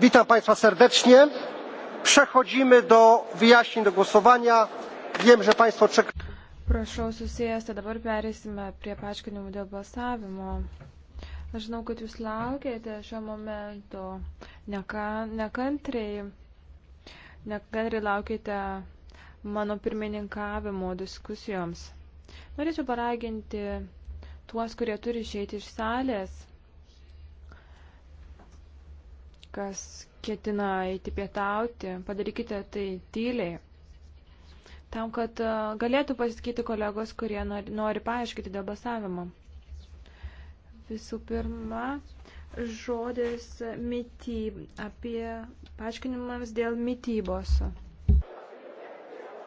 witam państwa serdecznie. przechodzimy do wyjaśnień do głosowania. wiem że państwo czekają. prašau susėsti dabar pereisime prie paaiškinimų dėl balsavimo. Aš žinau, kad jūs laukėte šio momento neka, nekantriai, nekantriai laukėte mano pirmininkavimo diskusijoms. Norėčiau paraginti tuos, kurie turi išeiti iš salės, kas ketina eiti pietauti, padarykite tai tyliai. Tam, kad galėtų pasakyti kolegos, kurie nori, nori paaiškinti dėl balsavimo. Visų pirma, žodis mityb, apie paaiškinimams dėl mytybos.